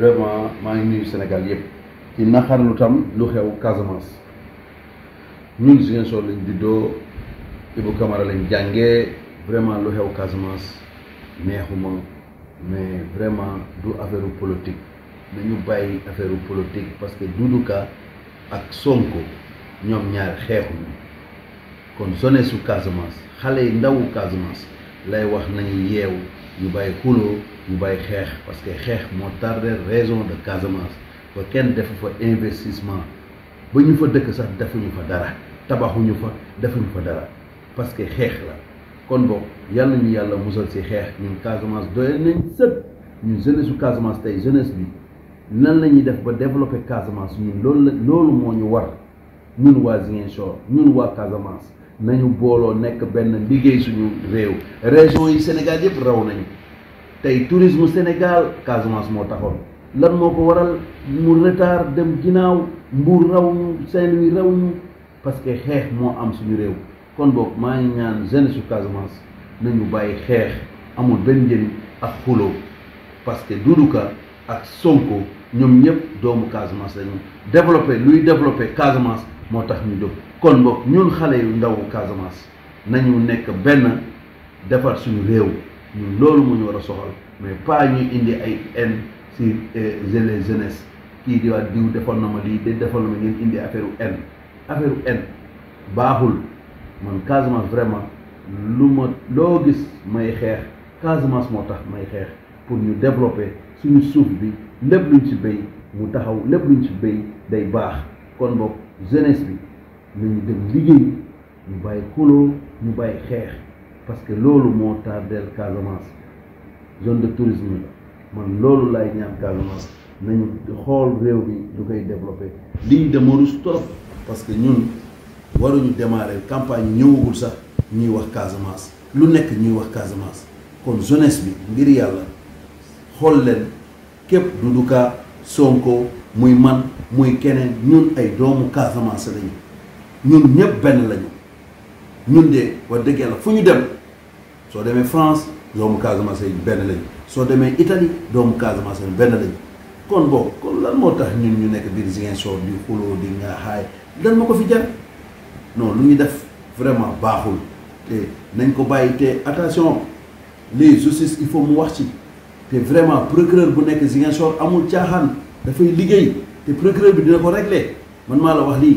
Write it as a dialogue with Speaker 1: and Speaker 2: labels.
Speaker 1: vraiment maa ngi nuyu Sénégal yëpp ci naxarlu tam lu xew Casamance ñun Ziguinchor lañ doo Ibou Camara lañu jàngee vraiment lu xew Casamance neexuma mais vraiment du affaire politique nañu bàyyi affaire politique parce que Doudou Ka ak Sonko ñoom ñaar xeexuñu kon sone su Casamance xale yi ndawu Casamance lay wax nañu yeew ñu bàyyi xuloo ñu bàyyi xeex parce que xeex moo tardé raison de Casamance ba kenn defu fa investissement ba ñu fa dëkk sax defuñu fa dara tabaxuñu fa defuñu fa dara parce que xeex la kon boog yàlla nañu yàlla musal si xeex ñun Casamance doy nañ sëpp ñu jeunesse su Casamance tey jeunesse bi nan la def ba développer Casamance ñun loolu la loolu moo ñu war ñun waa Ziguinchor ñun waa Casamance. nañu booloo nekk benn liggéey suñu réew région yi Sénégal yëpp raw nañu tey tourisme Sénégal Casamance moo taxoon lan moo ko waral mu retard dem ginnaaw Mbuur raw seen saint raw ñu parce que xeex moo am suñu réew kon book maa ngi ñaan jeunesse su Casamance nañu bàyyi xeex amul benn njëriñ ak xuloo parce que Doudou Ka ak Sonko ñoom ñëpp doomu Casamance lañu développé luy développé Casamance moo tax ñu jóg kon boog ñun xale yu ndaw Casamance nañu nekk benn defar suñu réew ñun loolu mu ñu war a soxal mais pas ñu indi ay haine si euh, les jeunesse kii di diw defoon na ma lii de defoon na ma ngeen indi affaire u haine affaire u baaxul man Casamance vraiment lu ma loo gis may xeex Casamance moo tax may xeex pour ñu développer suñu suuf bi lépp luñ ci béy mu taxaw lépp luñ ci béy day baax kon boog jeunesse bi nañu dem liggéey ñu bàyyi xuloo ñu bàyyi xeex parce que loolu moo tardeel Casamance zone de tourisme la man loolu laay ñaan Casamance nañu xool réew mi du koy développé lii dama rus trop parce que ñun waruñu démarrer campagne ñëwagul sax ñuy wax Casamance lu nekk ñuy wax Casamance kon jeunesse bi ngir yàlla xool leen képp Doudou Ka Sonko muy man muy keneen ñun ay doomu Casamance lañu ñun ñëpp benn lañu ñun de wax dëggee la fu ñu dem soo demee France doomu Casamance yi benn lañu soo demee Italie doomu Casamance yi benn lañu kon boobu kon lan moo tax ñun ñu nekk biir Ziguinchor di xuloo di nga xaay lan ma ko fi jar non lu ñu def vraiment baaxul te nañ ko bàyyi te attention les justice il faut mu wax ci te vraiment procureur bu nekk Ziguinchor amul caaxaan. dafay liggéey te procureur bi dina ko réglé man maa la wax lii